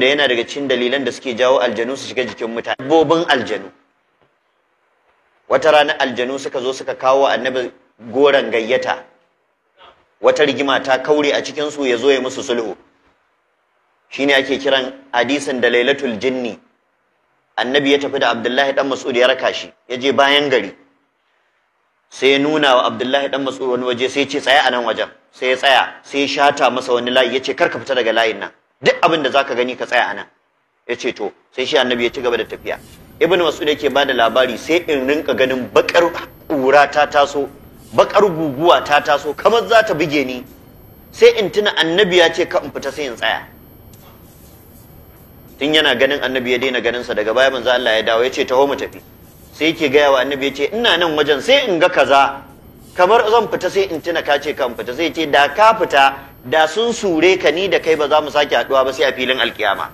da yana daga cikin dalilan da suke jawo aljanu su shiga jikin mutane dabbobin aljanu wata rana aljanu suka zo suka kawo annabi goran gayyata wata rigima ta kaure a cikin su ya zo ya musu sulhu shine ake kiran hadisin da lailatul jinni annabi ya tafi da abdullahi dan mas'ud ya raka shi ya je bayan gari sai ya nuna wa abdullahi dan mas'ud wani waje sai ya ce tsaya a nan wajen sai ya tsaya sai ya shata masa wani layi ya ce ka fita daga layin nan duk abin da ka gani ka tsaya anan ce to sai shi annabi ya ci gaba da tafiya ibnu mas'ud yake ba da labari sai in rinka ganin bakar ƙura ta taso bakar guguwa ta taso kamar za ta buge ni sai in tuna annabi ya ce ka in fita sai in tsaya tun yana ganin annabi ya daina ganin sa daga baya manzo Allah ya dawo ya ce taho mu tafi sai yake gaya wa annabi ya ce ina nan wajen sai in ga kaza kamar zan fita sai in tuna ka ce kan fita sai ce da ka fita da sun sure ka ni da kai ba za mu sake haduwa ba sai a filin alkiyama